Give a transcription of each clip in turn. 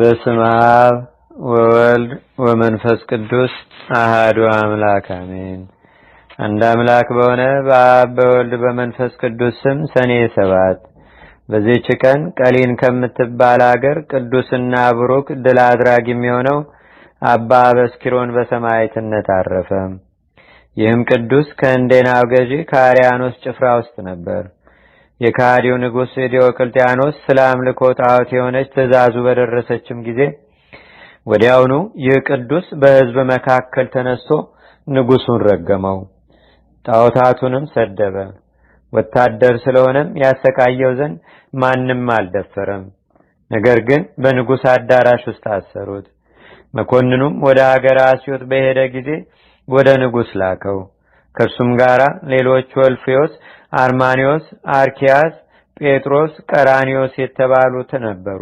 በስመ አብ ወወልድ ወመንፈስ ቅዱስ አህዱ አምላክ አሜን። አንድ አምላክ በሆነ በአብ በወልድ በመንፈስ ቅዱስ ስም ሰኔ ሰባት በዚህች ቀን ቀሊን ከምትባል አገር ቅዱስና ብሩክ ድል አድራጊ የሚሆነው አባ በስኪሮን በሰማዕትነት አረፈ። ይህም ቅዱስ ከእንዴናው ገዢ ከአርያኖስ ጭፍራ ውስጥ ነበር። የካዲው ንጉሥ ዲዮቅልጥያኖስ ስለ አምልኮ ጣዖት የሆነች ትእዛዙ በደረሰችም ጊዜ ወዲያውኑ ይህ ቅዱስ በሕዝብ መካከል ተነስቶ ንጉሱን ረገመው፣ ጣዖታቱንም ሰደበ። ወታደር ስለሆነም ያሰቃየው ዘንድ ማንም አልደፈረም። ነገር ግን በንጉሥ አዳራሽ ውስጥ አሰሩት። መኮንኑም ወደ አገር አስዮት በሄደ ጊዜ ወደ ንጉሥ ላከው። ከእርሱም ጋር ሌሎች ወልፌዎስ አርማኒዎስ፣ አርኪያስ፣ ጴጥሮስ፣ ቀራኒዎስ የተባሉት ነበሩ።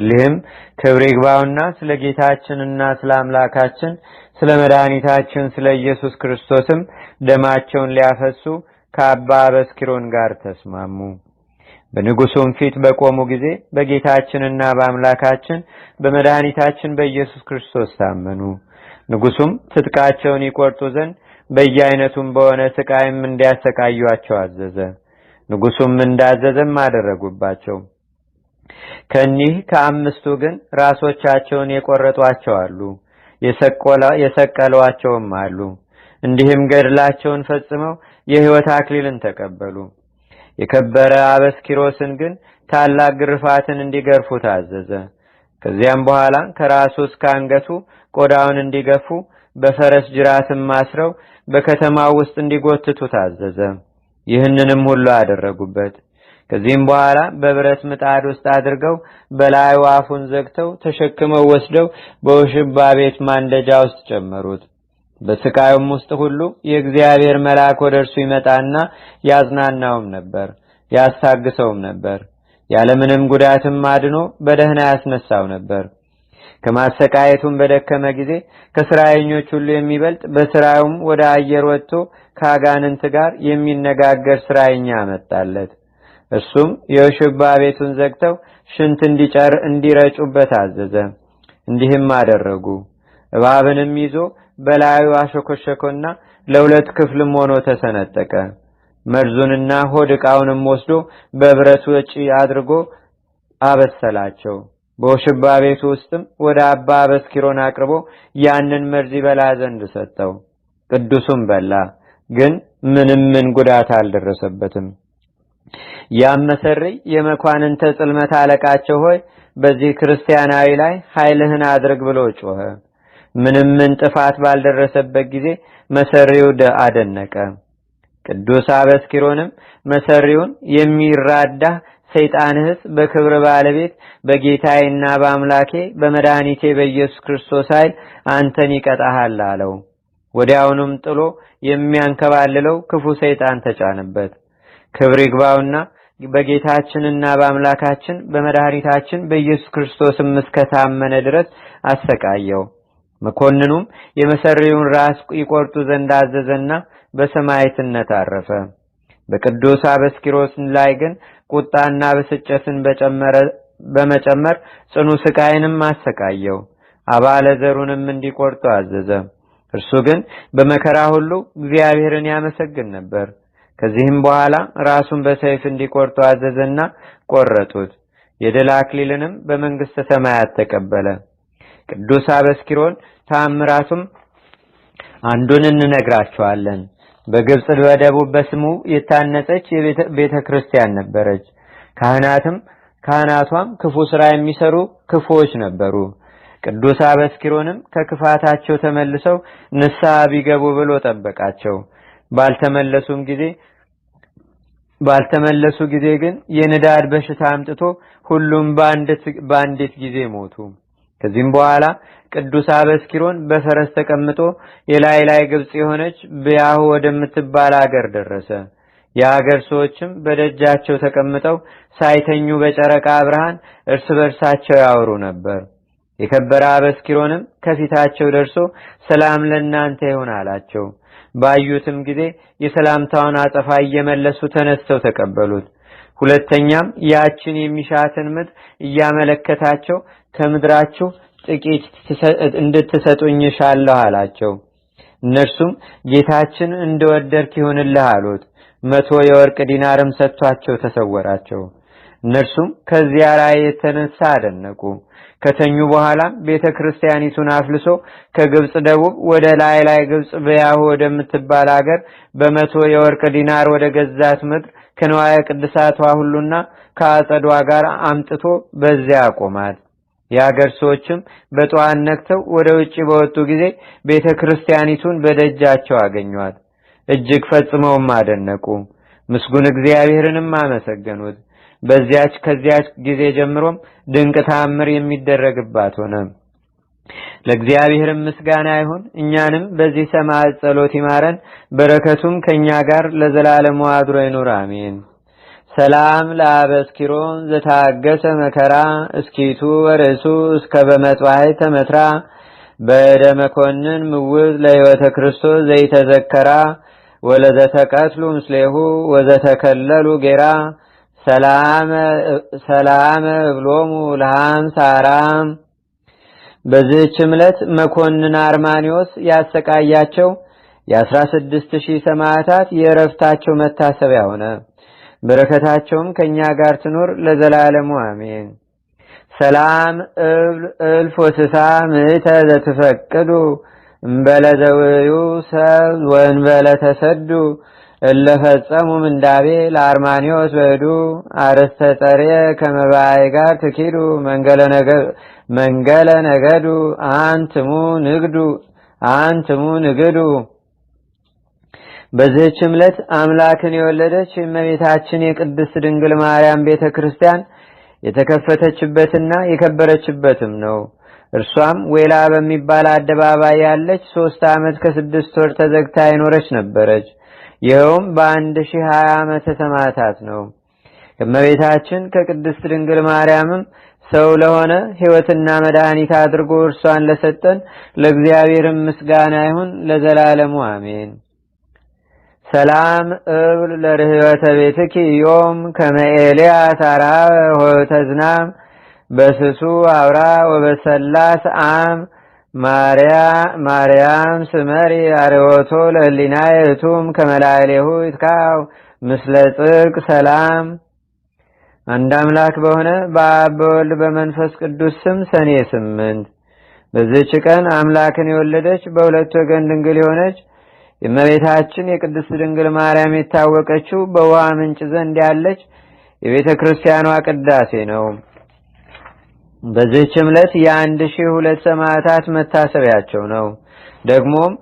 እሊህም ክብር ይግባውና ስለ ጌታችንና ስለ አምላካችን ስለ መድኃኒታችን ስለ ኢየሱስ ክርስቶስም ደማቸውን ሊያፈሱ ከአባ በስኪሮን ጋር ተስማሙ። በንጉሱም ፊት በቆሙ ጊዜ በጌታችንና በአምላካችን በመድኃኒታችን በኢየሱስ ክርስቶስ ታመኑ። ንጉሱም ትጥቃቸውን ይቆርጡ ዘንድ በየአይነቱም በሆነ ስቃይም እንዲያሰቃዩአቸው አዘዘ። ንጉሱም እንዳዘዘም አደረጉባቸው። ከኒህ ከአምስቱ ግን ራሶቻቸውን የቆረጧቸው አሉ፣ የሰቀሏቸውም አሉ። እንዲህም ገድላቸውን ፈጽመው የሕይወት አክሊልን ተቀበሉ። የከበረ አበስኪሮስን ግን ታላቅ ግርፋትን እንዲገርፉት አዘዘ ከዚያም በኋላ ከራሱ እስከ አንገቱ ቆዳውን እንዲገፉ በፈረስ ጅራትም አስረው በከተማ ውስጥ እንዲጎትቱ ታዘዘ። ይህንንም ሁሉ አደረጉበት። ከዚህም በኋላ በብረት ምጣድ ውስጥ አድርገው በላዩ አፉን ዘግተው ተሸክመው ወስደው በውሽባ ቤት ማንደጃ ውስጥ ጨመሩት። በስቃዩም ውስጥ ሁሉ የእግዚአብሔር መልአክ ወደ እርሱ ይመጣና ያዝናናውም ነበር፣ ያስታግሰውም ነበር። ያለምንም ጉዳትም አድኖ በደህና ያስነሳው ነበር። ከማሰቃየቱም በደከመ ጊዜ ከስራየኞች ሁሉ የሚበልጥ በስራውም ወደ አየር ወጥቶ ከአጋንንት ጋር የሚነጋገር ስራየኛ አመጣለት። እሱም የውሽባ ቤቱን ዘግተው ሽንት እንዲጨር እንዲረጩበት አዘዘ። እንዲህም አደረጉ። እባብንም ይዞ በላዩ አሸኮሸኮና ለሁለት ክፍልም ሆኖ ተሰነጠቀ። መርዙንና ሆድ ዕቃውንም ወስዶ በብረት ወጪ አድርጎ አበሰላቸው። በውሽባ ቤት ውስጥም ወደ አባ በስኪሮን አቅርቦ ያንን መርዝ ይበላ ዘንድ ሰጠው። ቅዱሱም በላ፣ ግን ምንም ምን ጉዳት አልደረሰበትም። ያም መሰሪ የመኳንንተ ጽልመት አለቃቸው ሆይ በዚህ ክርስቲያናዊ ላይ ኃይልህን አድርግ ብሎ ጮኸ። ምንም ምን ጥፋት ባልደረሰበት ጊዜ መሰሪው አደነቀ። ቅዱስ አበስኪሮንም መሰሪውን የሚራዳ ሰይጣንህስ በክብር ባለቤት በጌታዬና በአምላኬ በመድኃኒቴ በኢየሱስ ክርስቶስ ኃይል አንተን ይቀጣሃል አለው። ወዲያውኑም ጥሎ የሚያንከባልለው ክፉ ሰይጣን ተጫነበት። ክብር ይግባውና በጌታችንና በአምላካችን በመድኃኒታችን በኢየሱስ ክርስቶስም እስከታመነ ድረስ አሰቃየው። መኮንኑም የመሰሪውን ራስ ይቆርጡ ዘንድ አዘዘና በሰማዕትነት አረፈ። በቅዱስ አበስኪሮስ ላይ ግን ቁጣና ብስጭትን በመጨመር ጽኑ ስቃይንም አሰቃየው። አባለ ዘሩንም እንዲቆርጡ አዘዘ። እርሱ ግን በመከራ ሁሉ እግዚአብሔርን ያመሰግን ነበር። ከዚህም በኋላ ራሱን በሰይፍ እንዲቆርጡ አዘዘና ቆረጡት። የድል አክሊልንም በመንግሥተ ሰማያት ተቀበለ። ቅዱስ አበስኪሮን ታምራቱም አንዱን እንነግራቸዋለን። በግብፅ በደቡብ በስሙ የታነጸች ቤተ ክርስቲያን ነበረች። ካህናትም ካህናቷም ክፉ ሥራ የሚሰሩ ክፉዎች ነበሩ። ቅዱስ አበስኪሮንም ከክፋታቸው ተመልሰው ንስሐ ቢገቡ ብሎ ጠበቃቸው። ባልተመለሱም ጊዜ ባልተመለሱ ጊዜ ግን የንዳድ በሽታ አምጥቶ ሁሉም በአንዲት ጊዜ ሞቱ። ከዚህም በኋላ ቅዱስ አበስኪሮን በፈረስ ተቀምጦ የላይ ላይ ግብፅ የሆነች ብያሁ ወደምትባል አገር ደረሰ። የአገር ሰዎችም በደጃቸው ተቀምጠው ሳይተኙ በጨረቃ ብርሃን እርስ በርሳቸው ያወሩ ነበር። የከበረ አበስኪሮንም ከፊታቸው ደርሶ ሰላም ለእናንተ ይሁን አላቸው። ባዩትም ጊዜ የሰላምታውን አጸፋ እየመለሱ ተነስተው ተቀበሉት። ሁለተኛም ያችን የሚሻትን ምድር እያመለከታቸው ከምድራችሁ ጥቂት እንድትሰጡኝ እሻለሁ አላቸው። እነርሱም ጌታችን እንደወደድክ ይሁንልህ አሉት። መቶ የወርቅ ዲናርም ሰጥቷቸው ተሰወራቸው። እነርሱም ከዚያ ራእይ የተነሳ አደነቁ። ከተኙ በኋላም ቤተ ክርስቲያኒቱን አፍልሶ ከግብፅ ደቡብ ወደ ላይ ላይ ግብፅ በያሁ ወደምትባል አገር በመቶ የወርቅ ዲናር ወደ ገዛት ምድር ከንዋየ ቅድሳቷ ሁሉና ከአጸዷ ጋር አምጥቶ በዚያ አቆማት። የአገር ሰዎችም በጠዋት ነክተው ወደ ውጭ በወጡ ጊዜ ቤተ ክርስቲያኒቱን በደጃቸው አገኟት። እጅግ ፈጽመውም አደነቁ። ምስጉን እግዚአብሔርንም አመሰገኑት። በዚያች ከዚያች ጊዜ ጀምሮም ድንቅ ታምር የሚደረግባት ሆነ። ለእግዚአብሔርም ምስጋና ይሁን። እኛንም በዚህ ሰማዕት ጸሎት ይማረን፣ በረከቱም ከእኛ ጋር ለዘላለሙ አድሮ ይኑር፣ አሜን። ሰላም ለአበስኪሮ ዘታገሰ መከራ እስኪቱ ወርእሱ እስከ በመጽዋዕት ተመትራ በእደ መኮንን ምውዝ ለሕይወተ ክርስቶስ ዘይተዘከራ ወለዘተቀትሉ ምስሌሁ ወዘተከለሉ ጌራ ሰላመ እብሎሙ ለሃምሳ አራም በዚህች ዕለት መኮንን አርማኒዎስ ያሰቃያቸው የአስራ ስድስት ሺህ ሰማዕታት የእረፍታቸው መታሰቢያ ሆነ። በረከታቸውም ከእኛ ጋር ትኑር ለዘላለሙ አሜን። ሰላም እልፍ ወስሳ ምእተ ዘትፈቅዱ እምበለ ዘውዩ ሰብ ወእንበለ ተሰዱ እለፈጸሙ ምንዳቤ ለአርማኒዎስ በዱ አርስተ ጸሬ ከመባይ ጋር ትኪዱ መንገለ ነገዱ አንትሙ ንግዱ አንትሙ ንግዱ። በዚህች ዕለት አምላክን የወለደች እመቤታችን የቅድስት ድንግል ማርያም ቤተ ክርስቲያን የተከፈተችበትና የከበረችበትም ነው። እርሷም ዌላ በሚባል አደባባይ ያለች ሶስት ዓመት ከስድስት ወር ተዘግታ አይኖረች ነበረች። ይኸውም በአንድ ሺህ ሀያ ዓመተ ሰማዕታት ነው። እመቤታችን ከቅድስት ድንግል ማርያምም ሰው ለሆነ ሕይወትና መድኃኒት አድርጎ እርሷን ለሰጠን ለእግዚአብሔርም ምስጋና ይሁን ለዘላለሙ አሜን። ሰላም እብል ለርህወተ ቤትኪ ዮም ከመኤልያስ አርሃ ሆተዝናም በስሱ አውራ ወበሰላስ አም ማርያም ስመሪ አርወቶ ለህሊና የህቱም ከመላሌሁ ይትካው ምስለ ጽድቅ ሰላም። አንድ አምላክ በሆነ በአብ በወልድ በመንፈስ ቅዱስ ስም ሰኔ ስምንት በዚህች ቀን አምላክን የወለደች በሁለት ወገን ድንግል የሆነች የመቤታችን የቅድስት ድንግል ማርያም የታወቀችው በውሃ ምንጭ ዘንድ ያለች የቤተ ክርስቲያኗ ቅዳሴ ነው። በዚህችም ዕለት የአንድ ሺህ ሁለት ሰማዕታት መታሰቢያቸው ነው። ደግሞም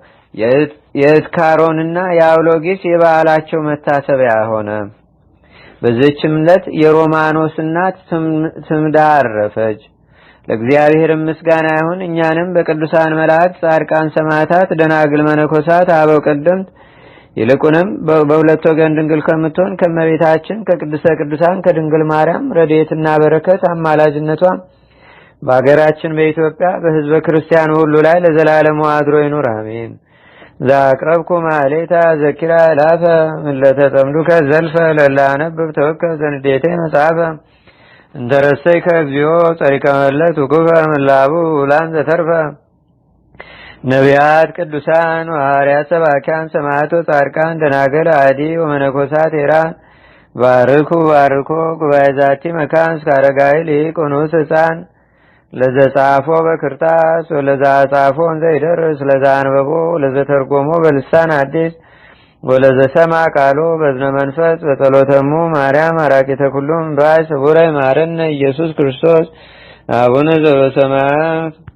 የእስካሮንና የአውሎጊስ የበዓላቸው መታሰቢያ ሆነ። በዚህችም ዕለት የሮማኖስ እናት ትምዳ አረፈች። ለእግዚአብሔር ምስጋና ይሁን። እኛንም በቅዱሳን መላእክት፣ ጻድቃን፣ ሰማዕታት፣ ደናግል፣ መነኮሳት፣ አበው ቀደምት ይልቁንም በሁለት ወገን ድንግል ከምትሆን ከመቤታችን ከቅድስተ ቅዱሳን ከድንግል ማርያም ረድኤትና በረከት አማላጅነቷ በሀገራችን በኢትዮጵያ በህዝበ ክርስቲያን ሁሉ ላይ ለዘላለሙ አድሮ ይኑር፣ አሜን። ዛቅረብኩ ማሌታ ዘኪራ ላፈ ለተጠምዱከ ዘልፈ ለላነብብ ተወከ ዘንዴቴ መጽሐፈ እንተረሰይ ከእግዚኦ ጸሪቀ መለት ውኩፈ ምላቡ ላን ዘተርፈ ነቢያት፣ ቅዱሳን፣ ሐዋርያት፣ ሰባኪያን፣ ሰማዕቶ፣ ጻድቃን፣ ደናገል፣ አዲ ወመነኮሳት ሄራን ባርኩ ባርኮ ጉባኤ ዛቲ መካን እስከ አረጋዊ ንዑስ ህፃን ለዘ ጻፎ በክርታስ ወለዛ ጻፎ እንዘይደርስ ለዛ አንበቦ ተርጎሞ በልሳን አዲስ ወለዘ ሰማ ቃሎ በዝነ መንፈስ በጸሎተሙ ማርያም አራቂተ ኩሉም ባይ ስቡረ ማረነ ኢየሱስ ክርስቶስ አቡነ ዘበሰማያት